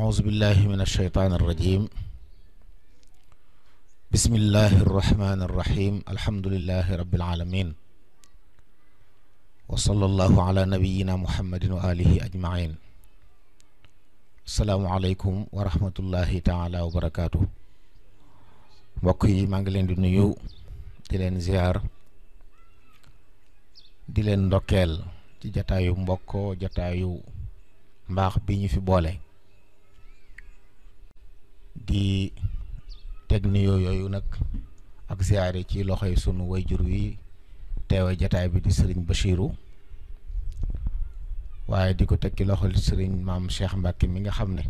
أعوذ بالله من الشيطان الرجيم بسم الله الرحمن الرحيم الحمد لله رب العالمين وصلى الله على نبينا محمد وآله أجمعين السلام عليكم ورحمة الله تعالى وبركاته بقي مانجلين دنيو دلين زيار دلين دوكيل جتايو مبكو جتايو mbaax bi ñu fi boole di teg nuyoo yooyu nag ak ziare ci loxoy sunu jur wi teewe jataay bi di sëriñ Bachirou waaye di ko teg ci loxol sëriñ maam Cheikh mbakki mi nga xam ne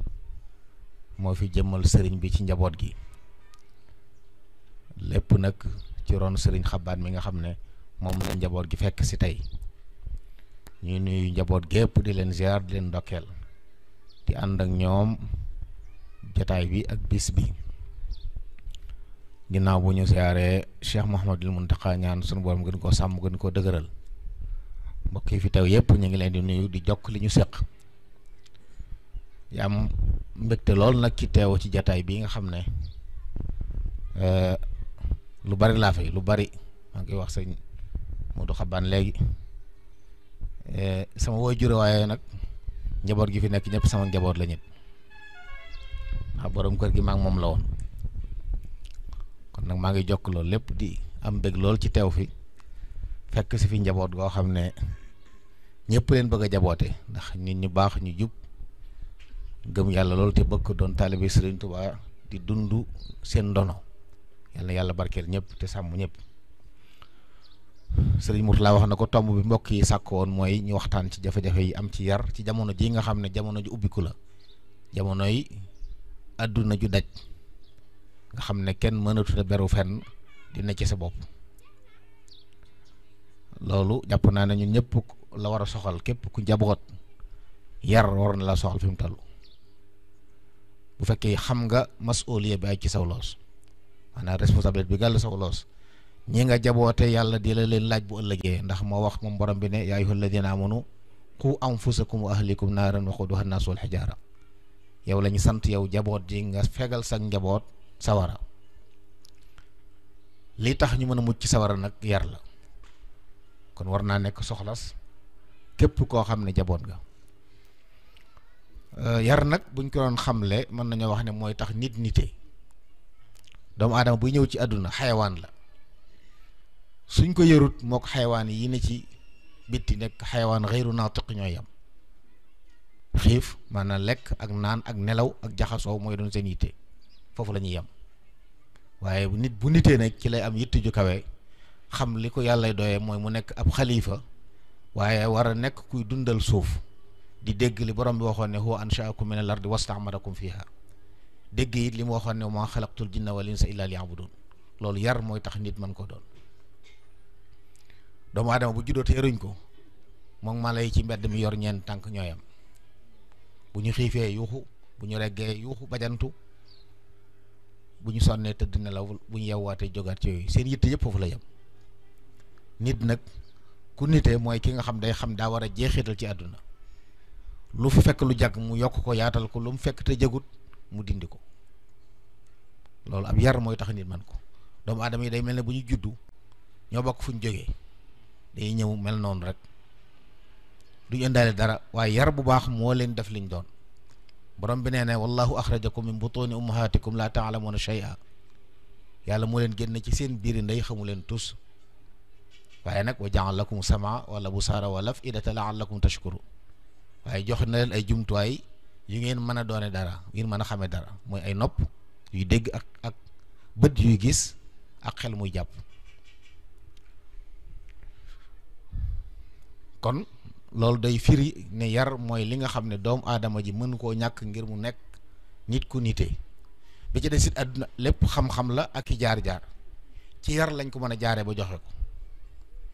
moo fi jëmmal sëriñ bi ci njaboot gi lépp nag ci ron sëriñ xabaat mi nga xam ne moom la njaboot gi fekk si tey ñu nuyu njaboot gépp di leen ziar di leen ndokkeel di àndak ñoom. jotaay bi ak bis bi ginnaaw bu ñu siyaaree Cheikh Mouhamadul muntaka ñaan sunu borom gën ko sam gën ko dëgëral mbokk fi taw yépp ñi ngi leen di nuyu di jokk li ñu seq yaa am lool nak ci téw ci jotaay bi nga xamné ne euh, lu bari la fay lu bari ma ngi wax sëñ Modou légui euh sama woy jure nak njabot gi fi nek ñep sama njabot la ndax borom kër gi maag moom la won kon nak ma ngi jokk lool lepp di am bëgg lool ci tew fi fekk ci fi njaboot go xamne ñepp leen bëgg jaboté ndax nit ñu bax ñu jup gëm yalla lool te bëkk doon talibé serigne touba di dundu sen dono yalla yalla barkel ñepp ñëpp te sàmm ñëpp Sëriñ Murtala wax na ko tomb bi mbokk yi sakko won moy ñu waxtaan ci jafe-jafe yi am ci yar ci jamono ji nga xamne jamono ju ubbiku la jamono yi àdduna ju daj nga xam ne kenn mënatuta beru fenn dina ci sa bopp loolu jàpp naa ne ñun ñëpp la war a soxal képp ku njaboot yar war na la soxal fi mu toll bu fekkee xam nga masuliya bi ay ci saw loos maanaam responsabilité bi gàll saw loos ñi nga jaboote yàlla di la leen laaj bu ëllëgee ndax moo wax moom borom bi ne yaa ayyuhal ladina amanu qu anfusakum wa ahlikum naaran waquduha annaasu wal hijaara yow lañu sant yow jabot ji nga fegal sa njaboot sawara li tax ñu mëna mucc sawara nak yar la kon warna nek soxlas kep ko xamne ne nga euh yar nak buñ ko don xamlé mën nañu wax ne moy tax nit nité doom adam bu ñew ci aduna xayawaan la suñ ko yarut mok hayawan yi ne ci bitti nek xayawaan ghayru natiq ñoy yam xiif man na lekk ak naan ak nelaw ak jaxasoo mooy doon seen yitte foofu la ñuy yem waaye bu nit bu nitee nag ci lay am yitte ju kawe xam li ko yàlla doyee mooy mu nekk ab xalifa waaye wara nekk kuy dundal suuf di dégg li borom bi waxoon ne huwa anshaakum min al ardi wastamarakum fiha dégg it li mu waxoon ne maa xalaqtul jinna wal insa bu doon loolu yar mooy tax nit mën koo doon doomu aadama bu juddoo te yaruñ ko moom maa lay ci mbedd mi yor ñeent tànk ñooyam bu ñu xiifee yuuxu bu ñu reggee yuuxu bajantu bu ñu sonnee tëdd nelaw bu ñu yewwaatee jógaat ci yooyu seen yitte yëpp foofu la yem nit nag ku nitee mooy ki nga xam day xam daa war a jeexital ci àdduna lu fi fekk lu jàgg mu yokk ko yaatal ko lu mu fekk te jagut mu dindi ko loolu ab yar mooy tax nit man ko doomu aadama yi day mel ne bu ñu juddu ñoo bokk fu ñu jógee day ñëw mel noonu rek du indaale dara waaye yar bu baax mo leen def liñ doon borom bi neene wallahu akhrajakum min butun ummahatikum la ta'lamuna shay'a yàlla mo leen genn ci seen biir ndey xamu leen tous waye nak waja'alakum sam'a wala busara wala afidata laallakum tashkuru waye jox na leen ay jumtuway yu ngeen mën doone dara ngeen mën xamé dara moy ay nopp yu dégg ak ak bët yu gis ak xel muy jàpp kon loolu day firi ne yar mooy li nga xam ne doomu aadama ji mën koo ñàkk ngir mu nekk nit ku nite bi ci des it àdduna lépp xam-xam la ak ki jaar-jaar ci yar lañ ko mën a jaaree ba joxe ko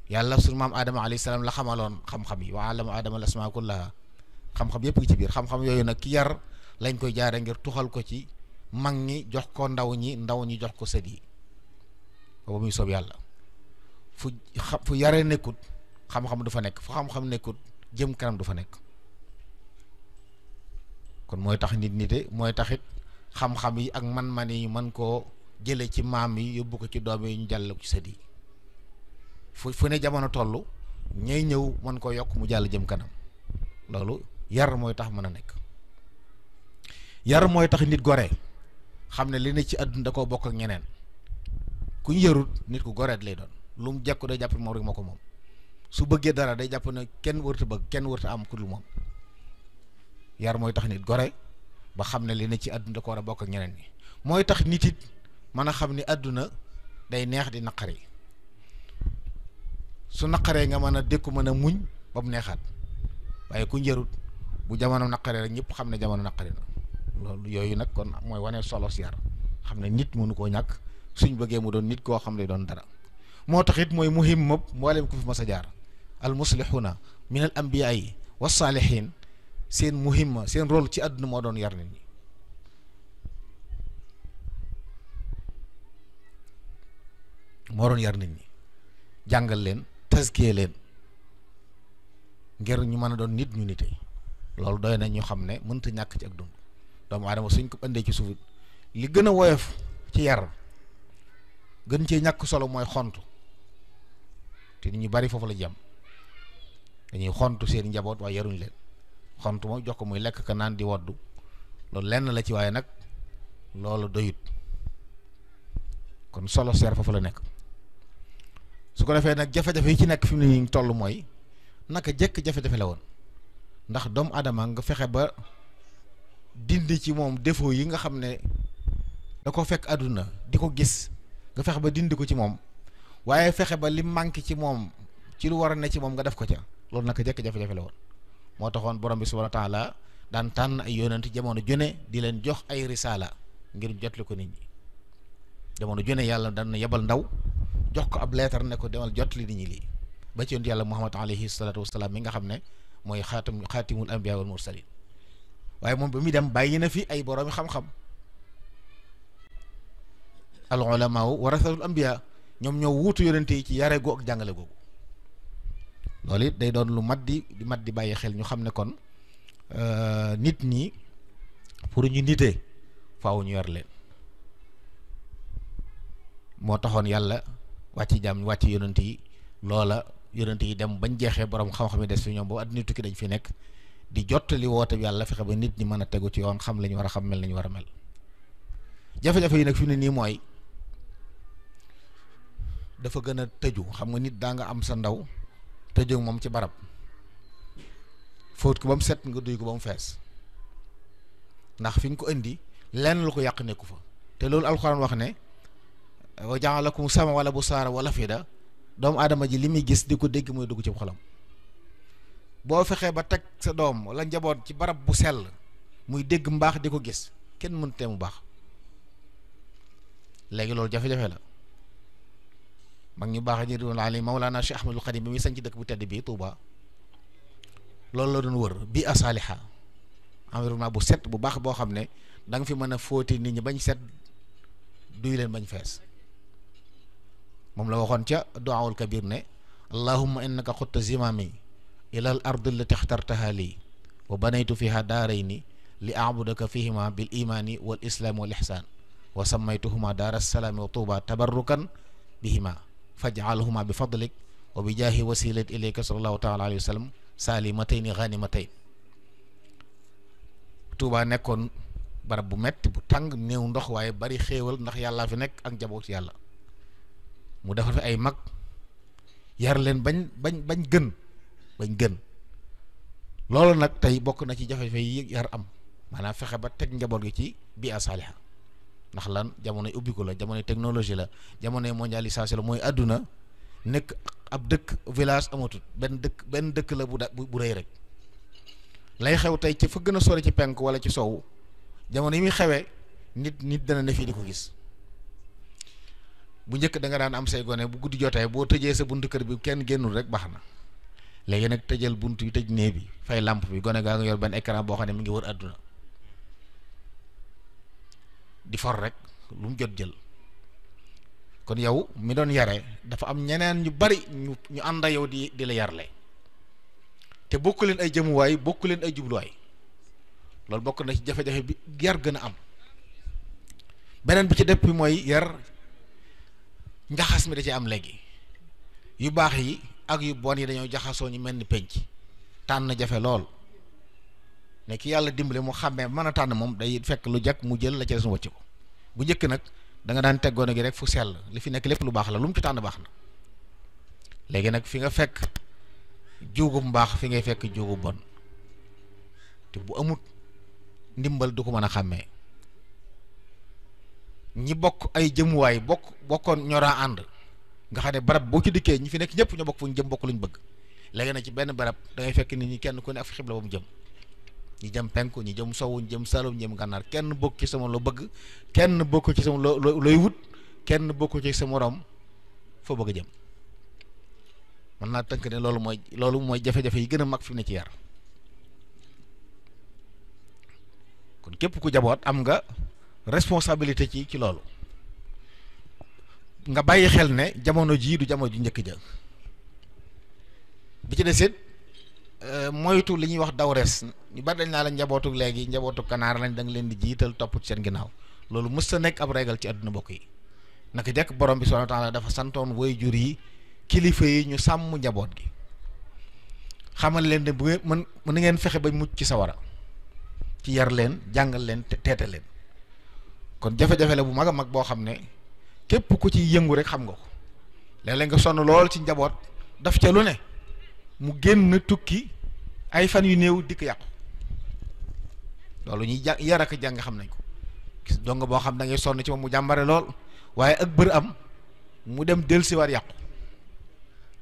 yàlla suñu maam aadama alayhi la xamaloon xam-xam yi wa allama aadama al-asmaa kullaha xam-xam yépp ci biir xam-xam yooyu nag ki yar lañ koy jaare ngir tuxal ko ci mag ñi jox ko ndaw ñi ndaw ñi jox ko sët yi boobu muy soob yàlla fu fu yare nekkut xam-xam du fa nekk fu xam-xam nekkut jëm kanam du fa nekk kon mooy tax nit de mooy taxit xam-xam yi ak man-man yi mën koo jële ci maam yi yóbbu ko ci doom yi ñu jàll ci sët yi fu fu ne jamono toll ñay ñëw mën koo yokk mu jàll jëm kanam loolu yar mooy tax mën a nekk yar mooy tax nit gore xam ne li ne ci àdduna da koo bokk ak ñeneen ku yarut nit ku goreet lay doon lu mu jekku day jàpp moom rek moo ko moom su bëggé dara day japp né kenn wërta bëgg kenn wërta am kudul mom yar moy tax nit goré ba xamné li né ci aduna ko wara bok ak ñeneen ñi moy tax nitit mëna xamni aduna day neex di nakari su nakare nga mëna a dékku mën muñ ba mu neexaat waaye ku njërut bu jamono nakare rek ñëpp xamné jamono naqari na loolu yoyu nak kon moy wané solo yar xamné nit mënu ko ñak suñu bëggé mu doon nit ko xamné doon dara mo taxit moy muhim mëpp mboolem fi massa jaar almuslihuna min al ambiya yi wa saalihin seen muhimma seen rol ci àdduna moo doon yar nit ñi yar nit ñi jàngal leen taskiyee leen ngir ñu mën a doon nit ñu nite loolu doy nañ ñu xam ne mënta ñàkk ci ak dund doomu aadama suñ ko andee ci suuf li gën a woyof ci yar gën cee ñàkk solo mooy xont te nit ñu bari foofu la jam dañuy xontu seen njaboot waaye yaruñ leen xontu moom jox ko muy lekk ka naan di woddu loolu lenn la ci waaye nag loolu doyut kon solo seer foofu la nekk su ko defee nag jafe-jafe yi ci nekk fi ne ñu tollu mooy naka jëkk jafe-jafe la woon ndax doomu aadama nga fexe ba dindi ci moom défaut yi nga xam ne da ko fekk àdduna di ko gis nga fexe ba dindi ko ci moom waaye fexe ba li manqué ci moom ci lu war a ne ci moom nga def ko ca loolu naka jekk jafe-jafe la woon moo taxoon borom bi subhaanahu wa taala daan tànn ay yonent jamono jone di leen jox ay risaala ngir jotli ko nit ñi jamono jone yàlla daan yebal ndaw jox ko ab leetar ne ko demal jotli nit ñi lii ba ci yonent yàlla muhammad alayhi salaatu wasalaam mi nga xam ne mooy xaatam xaatimul anbiya wal mursalin waaye moom ba muy dem bàyyi na fi ay boroomi xam-xam al ulamaa warasatul anbiya ñoom ñoo wuutu yonent yi ci yare jàngale googu loolu it day doon lu mat di mat di bàyyi xel ñu xam ne kon euh, nit ñi pour ñu nitee faw ñu yor leen moo taxoon yàlla wàcc jaam wàcc yonent yi loola yonent yi dem bañ jeexee borom xam-xam yi des fi ñoom boobu àdduna tukki dañ fi nekk di jottali woote bi yàlla fexe ba nit ñi mën a tegu ci yoon xam lañu war a xam mel nañu war a mel jafe-jafe yi nag fi mu ne nii mooy dafa gën a tëju xam nga nit daa nga am sa ndaw tëjoo moom ci barab fóot ko ba mu set nga duy ko ba mu fees ndax fi nga ko indi lenn lu ko yàq nekku fa te loolu alxuraan wax ne wa jaalakum sama wala bu saara wala fida doom aadama ji li muy gis di ko dégg mooy dugg ci xolam boo fexee ba teg sa doom wala njaboot ci barab bu sell muy dégg mbaax di ko gis kenn mënutee mu baax léegi loolu jafe-jafe la mag ñu baax ñi doon ali Mawlana Cheikh Ahmadul Xadim bi muy sañ ci dëkk bu tedd bi Touba loolu la doon wër bi asaliha environnement bu set bu baax boo xam ne da fi mën a fóoti nit ñi bañ set duy leen bañ fees moom la waxoon ca duwaawul kabir ne allahumma innaka xutta zimami ila al ard allati ixtartaha lii wa banaytu fiha daarayni li aabudaka wa tuuba tabarrukan bihima faj'alhuma bi fadlik wa bi jaahi wasilat ilayka sallallahu taala alayhi wa sallam saalimatayni ghanimatayn nekkoon barab bu metti bu tàng néew ndox waaye bari xéewal ndax yàllaa fi nekk ak njaboot yàlla mu defar fi ay mag yar leen bañ bañ bañ gën bañ gën loolu nag tey bokk na ci jafe-jafe yi yar am maanaam fexe ba teg njaboot gi ci bi a saaliha ndax lan ubi ubbiku la jamono technologie la jamono mondialisation la aduna nek nekk ab deuk village amatu ben deuk ben deuk la bu bu reey rek lay xew tay ci fa gëna soori ci penk wala ci sow jamono yimi xewé nit nit dana ne fii di gis bu ñëk da nga daan am say goné bu gudd jotay bo tejé sa buntu kër bi kenn génnul rek baxna na nak tejël buntu bunt yu tëj bi fay lampe bi goné ga nga yor ben écran bo xamné mi ngi wër aduna di for rek lu mu jot jël kon yow mi doon yare dafa am ñeneen ñu bari ñu ñu ànd ak yow di di la yarle te bokk leen ay jëmuwaay bokk leen ay jubluwaay loolu bokk na ci jafe-jafe bi yar gën a am beneen bi ci dëpp mooy yar njaxas mi da ci am léegi yu baax yi ak yu bon yi dañoo jaxasoo ñu mel ni penc tànn jafe lool ne ki yàlla dimbale mu xamé mëna tan mom day fekk lu jekk mu jël la ci sun mu bu jekk nak da nga daan teggono gi rek fu sel li fi nek lepp lu bax la lu mu ci tan baax na léegi nag fi nga fekk juugub mbaax fi ngay fekk juugub bon te bu amut ndimbal du ko mëna xamé ñi bok ay way bok bokon ñora and nga barab bo ci dikkee ñi fi nek ñepp ñu bok fu ñu jëm bok luñu bëgg légui ci benn barab da ngay fekk ni ñi kenn ku ne af xibla bu mu jëm ñi jëm penku ñi jëm sowu ñi jëm salum ñi jëm ganar kenn bokk ci sama lo bëgg kenn bokk ci sama lo looy wut kenn bokk ci sama rom fa bëgg jëm man na tank ne lolu moy lolu moy jafe-jafe yi gëna mag fi ne ci yar kon képp ku jabot am nga responsabilité ci ci lolu nga bayyi xel ne jamono ji du jamono ju ñëk jëg bi ci euh moytu li ñuy wax dawres ñu bari dañ naa la njabotuk legi njabotuk kanar lañ dang leen di jital topp seen ginnaaw loolu mës ta nekk ab regal ci aduna bokki naka borom bi subhanahu wa taala dafa santone way jur yi kilifa yi ñu sam njabot gi xamal leen de bu ngeen ngeen fexé ba mucc ci sawara ci yar leen jangal leen teete leen kon jafe jafé la bu mag mag bo xam ne képp ku ci yëngu rek xam nga ko léeg nga lool ci njabot daf ca lu ne mu génn tukki ay fan yu néew dik loolu ñu jàng yar ak jàng xam nañ ko gis dong boo xam da ngay sonn ci moom mu jàmbare lool waaye ak bër am mu dem war yàqu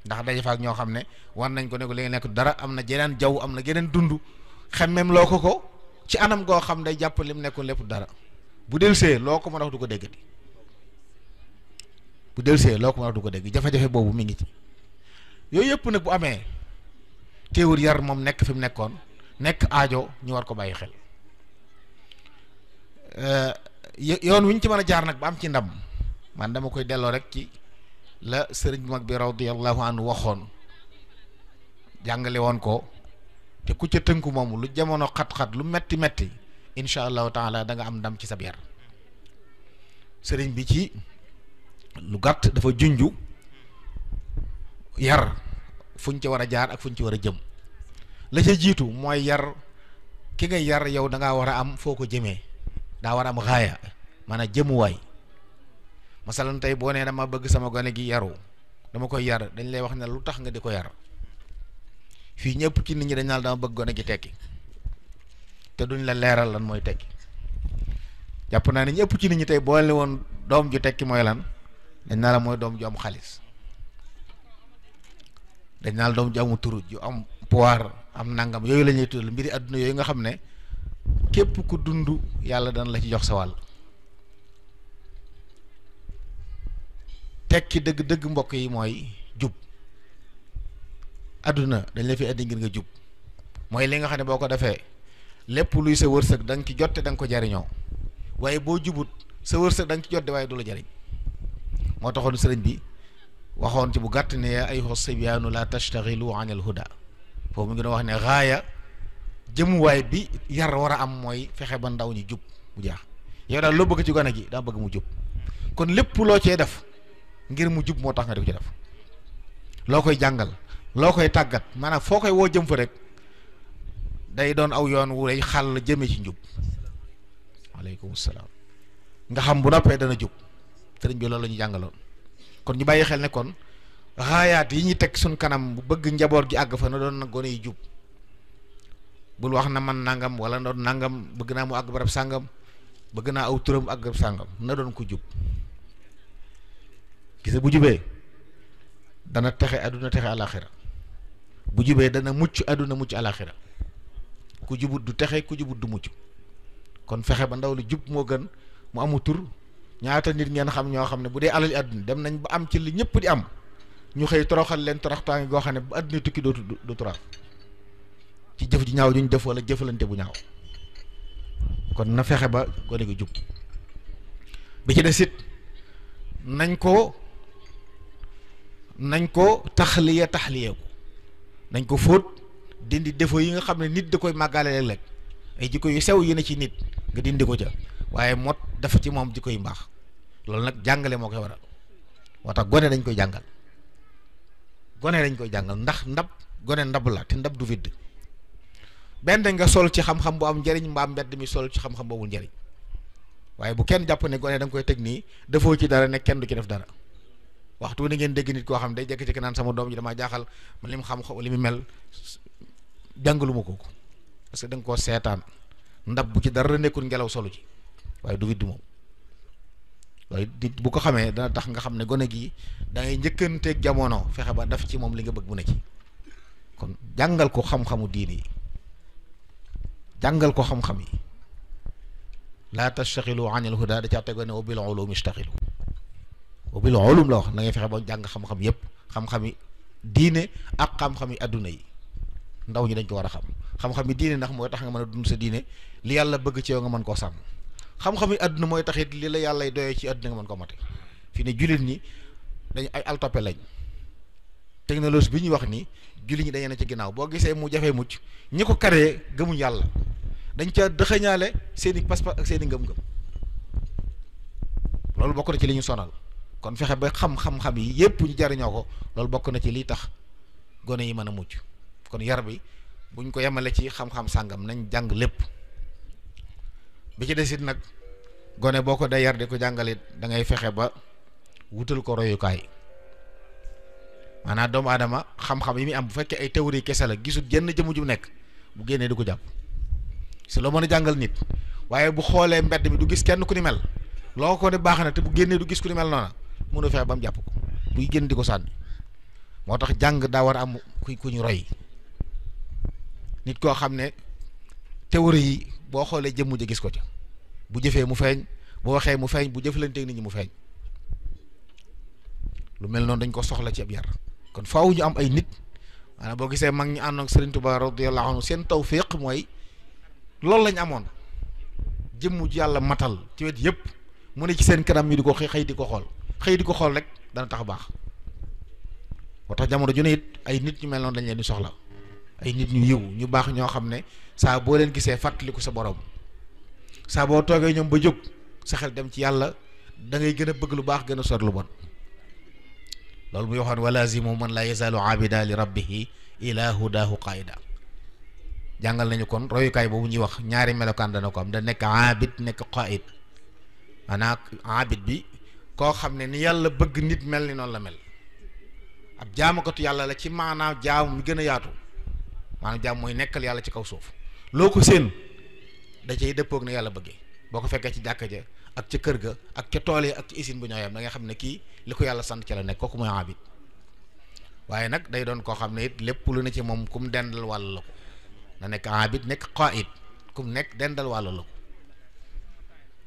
ndax daje fa ak ñoo xam ne war nañ ko ne li nga nekk dara am na jeneen jaww am na geneen dund xemmem loo ko ko ci anam goo xam day li mu nekkoon lépp dara bu dellusee loo ko mën a du ko déggati bu dellusee loo ko du ko dégg jafe-jafe boobu mi ngi ci yooyu yëpp nag bu amee teewul yar moom nekk fi mu nekkoon nekk aajo ñu war ko bàyyi xel. Euh, yoon wi ñu ci mën a jaar nag ba am ci ndam man dama koy delloo rek ci la sëriñ bu mag bi radiyallahu anhu waxoon jàngale woon ko te ku ca tënk moom lu jamono xat-xat lu metti metti incha allahu taala danga nga am ndam ci sa biir sëriñ bi ci lu gàtt dafa junju yar fuñ ci war a jaar ak fuñ ci war a jëm la ca jiitu mooy yar ki nga yar yow da war a am foo ko jëmee da war mana am mana jëm way masalan tay bo ne dama bëgg sama gone gi yaru dama koy yar dañ lay wax ne lu tax nga di ko yar fi ñepp ci nit ñi dañ dama bëgg gone gi tekki te duñ la leeral lan moy tekki japp na ni ñepp ci nit ñi tay bo le won dom ju tekki moy lan dañ na la moy dom ju am xaliss dañ na la ju am turu ju am pouvoir am nangam yoy lañuy tuddu mbiri aduna yoy nga xamne képp ku dund yàlla dana la ci jox sa wàll tekki dëgg dëgg mbokk yi mooy jub adduna dañ la fi indi ngir nga jub mooy li nga xam ne boo ko defee lépp luy sa wërsëg da nga jot jotte da ko jariñoo waaye boo jubut sa wërsëg da nga jot jotte waaye du la jariñ moo taxoon sëriñ bi waxoon ci bu gàtt ne yaa ayyuha sibyaanu laa tashtaxilu an al huda foofu mu ngi doon wax ne gaaya way bi yar wara am moy fexé ba ndaw ñi jup bu jaax yow da lo bëgg ci gona gi da bëgg mu jup kon lepp lo ci def ngir mu jup motax nga di ko ci def loo koy jàngal loo koy tàggat jëm fa rek day doon aw yoon wu lay xal jëmee ci jup alaykum assalam nga xam bu noppee dana jup sëriñ bi loolu ñu jangalo kon ñu bayyi xel ne kon raayaat yi ñi tek sun kanam bu bëgg gi ag fa na doon na gone bul wax na man nangam wala doon nangam bëgg na mu ag barab sangam bëgg na aw turum ag barab sangam na doon ko jup gisa bu jubé dana taxé aduna taxé alakhirah bu jubé dana muccu aduna muccu alakhirah ku jubut du taxé ku jubut du muccu kon fexé ba ndaw lu jub gën mu amu tur ñaata nit ngeen xam ño xamne bu dee dem nañ ba am ci li ñepp di am ñu xey toroxal len go xamne bu tukki do du toroxal ci jëf ju ñaaw ju ñu def wala jëfalante bu ñaaw kon na fexe ba gone gi jub bi ci des it nañ ko nañ ko taxliya taxliyeeku nañ ko fóot dindi défaut yi nga xam ne nit da koy màggale lekk léeg ay jikko yu sew yi ne ci nit nga dindi ko ca waaye mot dafa ci moom jikko yu mbaax loolu nag jàngale moo koy waral moo tax gone dañ koy jàngal gone dañ koy jàngal ndax ndab gone ndab la te ndab du widd benn nga sol ci xam-xam bu am njariñ mbaam mbedd mi sol ci xam-xam boobu njariñ waaye bu kenn jàpp ne gone da nga koy teg nii defoo ci dara ne kenn du ci def dara waxtu ni ngeen dégg koo xam day jékki-jékki naan sama doom ji damaa jaaxal li mu xam li mu mel jàngalu ma parce que da koo seetaan ndab bu ci dara nekkul ngelaw solu ci waaye du widd moom waaye nit bu ko xamee dana tax nga xam ne gone gii da ngay njëkkanteeg jamono fexe ba daf ci moom li nga bëgg mu ne ci kon jàngal ko xam-xamu diini jàngal ko xam-xam yi laa tastaxilu anil huda da caa tegoo ne wa bil ulum istaxilu wa bil ulum la wax na ngay fexe ba jàng xam-xam yépp xam-xam yi diine ak xam-xam yi adduna yi ndaw ñi dañ ko war a xam xam-xam yi diine ndax mooy tax nga mën a dund sa diine li yàlla bëgg ci yow nga mën koo sàmm xam-xam yi àdduna mooy taxit li la yàllay doyee ci adduna nga mën koo mate fi ne jullit ñi dañ ay altoppe lañ technologie bi ñuy wax ni julli ñi dañee na ci ginnaaw boo gisee mu jafee mucc ñi ko karee gëmuñ yàlla dañ ca dëxëñaale seen i pas-pas ak seen i ngëm-ngëm loolu bokk na ci li ñu sonal kon fexe ba xam-xam-xam yi yépp ñu jariñoo ko loolu bokk na ci lii tax gone yi mën a mucc kon yar bi buñ ko yemale ci xam-xam sàngam nañ jàng lépp bi ci desit nag gone boo ko dee yar di ko jàngalit da ngay fexe ba wutal ko royukaay mana dom adama xam-xam yi muy am bu fekke ay théorie kessa la gisut genn jëm ju nek bu genné du ko jàpp si loo mën nit waye bu xolé mbedd bi du gis kenn ku ni mel loko ne baxna na te bu genné du gis ku ni mel noona mënu fex bam japp ko bu genn diko sann motax jang da war am ku ku ñu roy nit ko xamne théorie bo xolé jëm jëmm gis ko ca bu jëfé mu feñ bu waxé mu feñ bu jëflanteeg nit ñi mu feñ lu mel non dañ ko soxla ci ab yar kon faaw ñu am ay nit ana bo gisee mag ñi àndoon Serigne Touba radiyallahu anhu seen tawfiq mooy lool lañ amoon jëmmu yàlla matal ci wet yëpp mu ne ci seen kanam ñu di ko xëy di ko xool xëy di ko xool rek dana tax baax moo tax jamono ju ne it ay nit ñu mel noonu dañ leen di soxla ay nit ñu yiw ñu baax ñoo xam ne saa boo leen gisee fàttaliku sa borom saa boo toogee ñoom ba jóg sa xel dem ci yàlla da ngay gën a bëgg lu baax gën a lu bon. loolu muy waxoon walaazimu man laa yazaalu abida li rabbihi ilaa hudaahu qaayida jàngal nañu kon royukaay boobu ñuy wax ñaari melokaan dana ko am da nekk abid nekk qaayid maanaam abid bi koo xam ne ni yàlla bëgg nit mel ni noonu la mel ab jaamukatu yàlla la ci maanaam jaam gën a yaatu maanaam jaam mooy nekkal yàlla ci kaw suuf loo ko séen da cay dëppoog ne yàlla bëggee boo ko fekkee ci jàkka ja ak ca kër ga ak ca tool yi ak ca usine bu ñoo yam da nga xam ne kii li ko yàlla sant ca la nekk kooku mooy abid waaye nag day doon koo xam ne it lépp lu ne ci moom kum dendal wàll la ko na nekk abid nekk qaid kum nekk dendal wàll la ko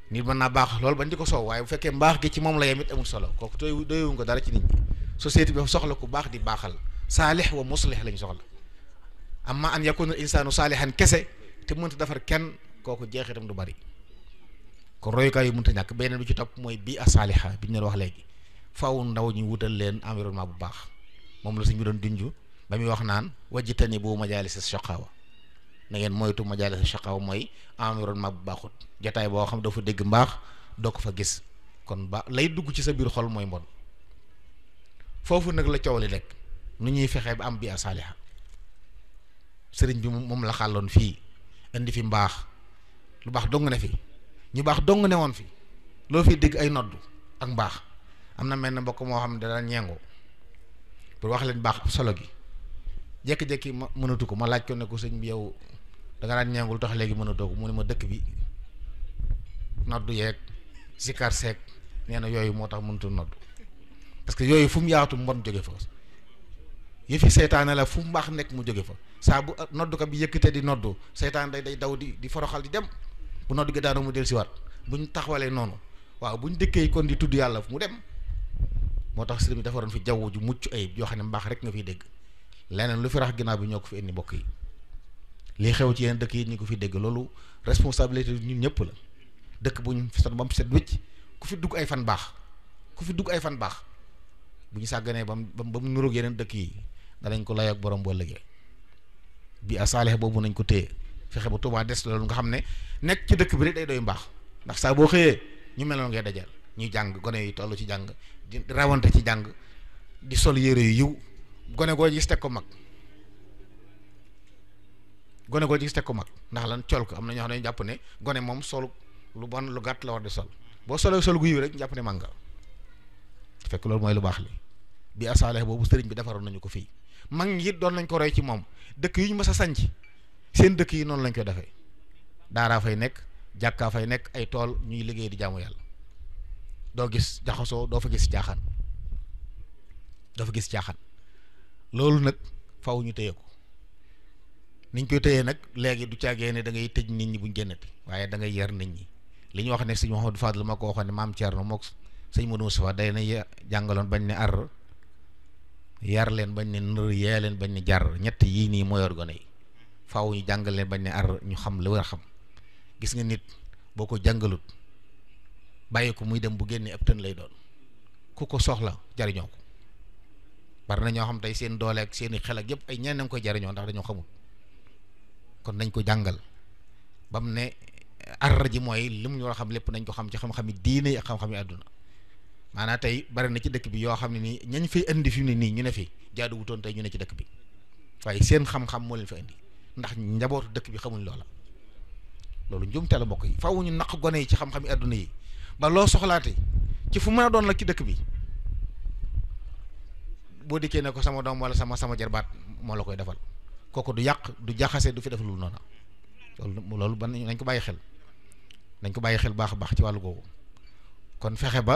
nit mën naa baax loolu bañ di ko soow waaye bu fekkee mbaax gi ci moom la yem it amul solo kooku doy doyewuñ ko dara ci nit ñi société bi soxla ku baax di baaxal saalix wa muslix lañ soxla amma an yakuna al insaanu saalihan kese te mënta defar kenn kooku jeexitam du bari kon mun yu nàkk ñàkk beneen bi ci topp mooy bii asaaliha bi ñu leen wax léegi faaw ndaw ñu wutal leen environnement bu baax moom la suñ bi doon dunju ba muy wax naan wajitani bu majaalis shaqaawa na ngeen moytu majaalis shaqaawa mooy environnement bu baaxut jataay boo xam dafa dégg mbaax doo ko fa gis kon ba lay dugg ci sa biir xol mooy mbon foofu nag la coow li rek nu ñuy fexee ba am bii asaaliha sëriñ bi moom la xàlloon fii indi fi mbaax lu baax dong na fi. ñu bax dong ne won fi lo fi deg ay noddu ak bax amna na mel na mbokk mo xam ne dana ñeengoo pour wax leen bax solo gi jek jek ma mënatu ko ma laaj ko ne ko señ bi yow da nga daan ñengul tax legi mënatoo ko mu ne ma dekk bi noddu yek zikar sek neena na motax mënatu noddu parce que yoyu fu mu yaatu mbon joge fa yëfi setan la fu mu mbaax mu joge fa saa bu noddu ka bi yekete di noddu setan day day daw di di foroxal di dem bu noddu gi daanoo mu del siwaat bu ñu taxawalee noonu waaw bu ñu dëkkee kon di tudd yàlla mu dem moo tax sëriñ bi dafa waroon fi jaww ju mucc ay yoo mbaax rek nga fiy dégg leneen lu fi rax ginnaaw bi ñoo ko fi indi mbokk yi li xew ci yeneen dëkk yi ñu ko fi dégg loolu responsabilité bi ñun ñëpp la dëkk bu ñu set ba mu set wécc ku fi dugg ay fan baax ku fi dugg ay fan baax bu ñu sàgganee ba mu ba mu nuróog yeneen dëkk yi danañ ko lay ak borom boo lëgee bi asaalix boobu nañ ko téye. fexe ba Touba des loolu nga xamné ne ci dëkk bi rek day doy mbax ndax sa bo xëyee ñu mel non ngay dajal ñu jang goné yi tollu ci jang di rawante ci jang di sol yéré yu goné gone gis teg ko mag goné goo gis teg ko mag ndax lan ciol ko amna ñu xamné japp ne goné mom sol lu bon lu gatt la war di sol bo solo sol gu yu rek japp né mangal fekk loolu moy lu bax li bi asaaleex bobu sëriñ bi defaroon nañu ko fi mag yi doon nañ ko roy ci mom dëkk yu ñu mësa seen dëkk yi noonu lañ koy defee daaraa fay nekk jàkkaa fay nekk ay tool ñuy liggéey di jaamu yàlla doo gis jaxasoo doo fa gis caaxaan doo fa gis caaxaan loolu nag faw ñu téye ko niñ koy téyee nag léegi du caagee ne da ngay nit ñi buñ génnati waaye da ngay yar nit ñi li ñu wax ne sëñ Mouhamadou lu ma ko waxoon ne maam Thierno mook sëñ Modou Moustapha day na jàngaloon bañ ne ar yar leen bañ ne nër yee leen bañ ne jar ñett yii nii mooy yor gone yi faaw ñu jàngal leen bañ ne ar ñu xam lu war a xam gis nga nit boo ko jàngalut bàyyi ko muy dem bu génnee ab tën lay doon ku ko soxla jariñoo ko bari na ñoo xam tey seen doole ak seen i yëpp ay ñeneen koy jariñoo ndax dañoo xamul kon nañ ko jàngal bam mu ne ar ji mooy li mu ñu war a xam lépp nañ ko xam ci xam-xami diine ak xam-xami àdduna maanaam tey bari na ci dëkk bi yoo xam ne nii ñañ fi indi fi ne nii ñu ne fi jaadu wutoon tey ñu ne ci dëkk bi waaye seen xam moo leen fi indi ndax njabootu dëkk bi xamuñ loola loolu njumte la mbokk yi fawuñu ñu gone yi ci xam-xam yi àdduna yi ba loo soxlaate ci fu mën a doon la ci dëkk bi boo dikkee ne ko sama doom wala sama sama jarbaat moo la koy defal kooku du yàq du jaxase du fi def lu noonu loolu loolu ban nañ ko bàyyi xel nañ ko bàyyi xel baax baax ci wàllu googu kon fexe ba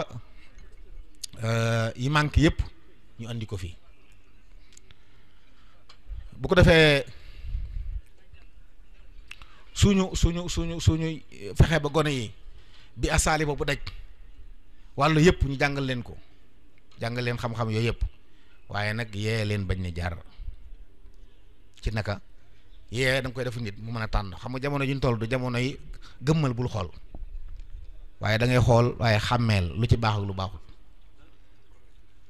euh, yi manque yëpp ñu andi ko fii bu ko defee. suñu suñu suñu suñu eh, fexe ba gone yi bi asaali ba bu daj wàllu yëpp ñu jàngal leen ko jàngal leen xam-xam yooyu yëpp waaye nag yee leen bañ ni jaar ci naka yee da nga koy def nit mu mën a tànn xam nga jamono yi ñu toll du jamono yi gëmmal bul xool waaye da ngay xool waaye xàmmeel lu ci baax lu baaxul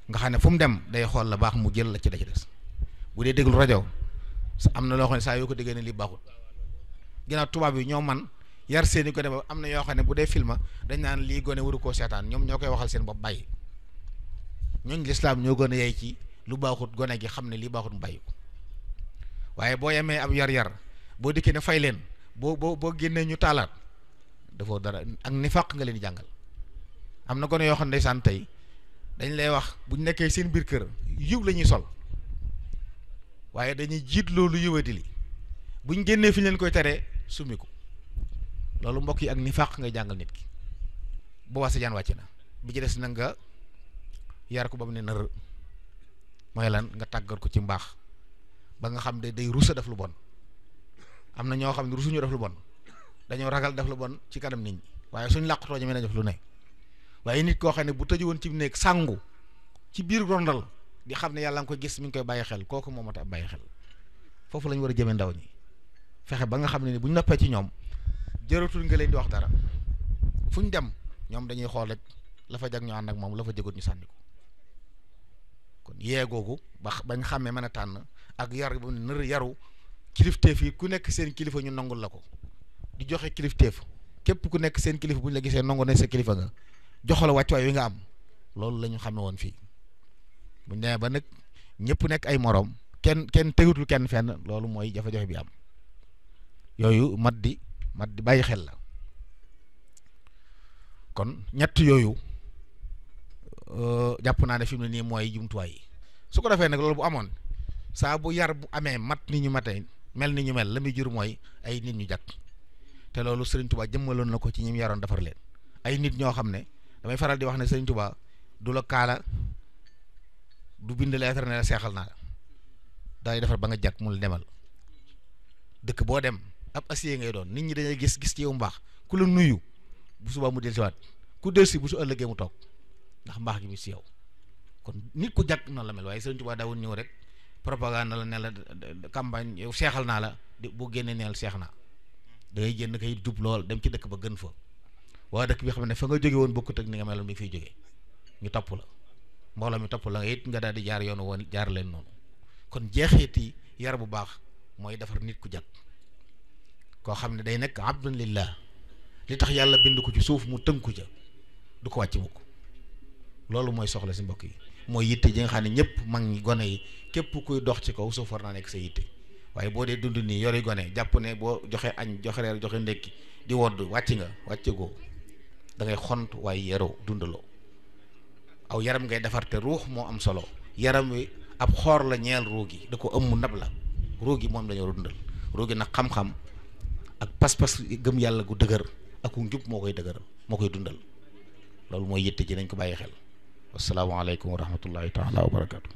nga xam ne fu mu dem day xool la baax mu jël la ci la ci des bu dee déglu rajo am na loo xam ne saa yoo ko déggee ne li baaxul. ginnaaw tubaab yi ñoo man yar seeni gone ba am na yoo xam ne bu dee filma dañ naan lii gone waru koo seetaan ñoom ñoo koy waxal seen bopp bàyyi ñooñ lislaam ñoo gën a yey ci lu baaxut gone gi xam ne lii baaxut mu bàyyi ko waaye boo yemee ab yar-yar boo dikkee ne fay leen boo boo boo génnee ñu taalaat dafoo dara ak ni nifaq nga leen jàngal am na gone yoo xam ne ndeysaan tey dañ lay wax bu ñu nekkee seen biir kër yiw lañuy sol waaye dañuy jiit loolu yëwati li bu génnee fi leen koy teree sumiku lolou mbok yi ak nifaq nga jangal nit ki boobaa sa jaan wàcc na bi ci dess na nga yar ko bam ne nër moy lan nga taggal ko ci mbax ba nga xam de day rusa def lu bon amna ño xam ne rusuñu def lu bon dañu ragal def lu bon ci kanam nit ñi waye suñu làqutoo ñemee meena def lu ne waye nit ko xam bu tëju won ci nek sangu ci bir rondal di xam ne yàlla ko gis mi ngi koy bàyyi xel koku momata baye xel fofu lañ wara ndaw ñi fexe ba nga xam ne ni bu ñu noppee ci ñoom jëratul nga leen di wax dara fu ñu dem ñoom dañuy xool rek la fa jag ñu ànd ak moom la fa jëgut ñu sànni ko kon yee googu ba bañ xàmmee mën a tànn ak yar bu nër yaru kilifteef yi ku nekk seen kilifa ñu nangul la ko di joxe kilifteef képp ku nekk seen kilifa bu ñu la gisee nangu nañ sa kilifa nga joxal wàccuwaay wi nga am loolu la ñu xame woon fii mu ñu ba nag ñëpp nekk ay moroom kenn kenn tegutul kenn fenn loolu mooy jafe bi am. Yoyu mat di mat di xel la kon ñett yoyu, euh, jàpp naa ne fi ni ne nii mooy jumtuwaay yi su ko bu amon, saa bu yar bu ame mat ni ñu mel ni ñu mel la jur mooy ay nit ñu jàkk te loolu Serigne Touba jëmmaloon na ko ci ñi yaron leen ay nit ne damay faral di wax ne Serigne Touba du la du bind lettre ne la seexal naa day defar ba nga jàkk mu demal dëkk bo dem ab asiyé ngay doon nit ñi dañay gis gis ci yow mbax ku la nuyu bu suba mu wat ku dellusi bu su ëllëgé mu tok ndax mbax gi mi ci yow kon nit ku jakk noonu la mel waaye Sëriñ ba daawul ñëw rek propagande la neela campagne yow xéxal na la bu génné neel xéxna da ngay génn kay dub lool dem ci dëkk ba gën fa wa dëkk bi xamné fa nga joggé won bokku ak ni nga mel mi fi joggé ñu top la mbolo mi top la it nga daal di jaar yoon won jaar leen non kon jeexeti yar bu baax moy defar nit ku jàkk koo xam ne day nekk abdun lillah li tax yàlla bind ko ci suuf mu ku ca du ko wàcc mukk loolu mooy soxla si mbokk yi mooy yitte ji nga xam ne ñëpp mag ñi gone yi képp kuy dox ci kaw suuf naa nekk sa yitte waaye boo dee dund nii yori gone jàpp ne boo joxe añ joxe reer joxe ndekki di wodd wàcc nga wàcce goo dangay ngay xont waaye yaroo dundaloo aw yaram ngay defar te ruux moo am solo yaram wi ab xoor la ñeel ruugi da ko ëmm ndab la ruugi moom dañoo dundal ruugi nag ak pass pass gëm yalla gu deugar ak njub moo koy deugar moo koy dundal lolou moy yitte ji nañ ko bàyyi xel assalamu alaykum wa rahmatullahi taala wa barakatuh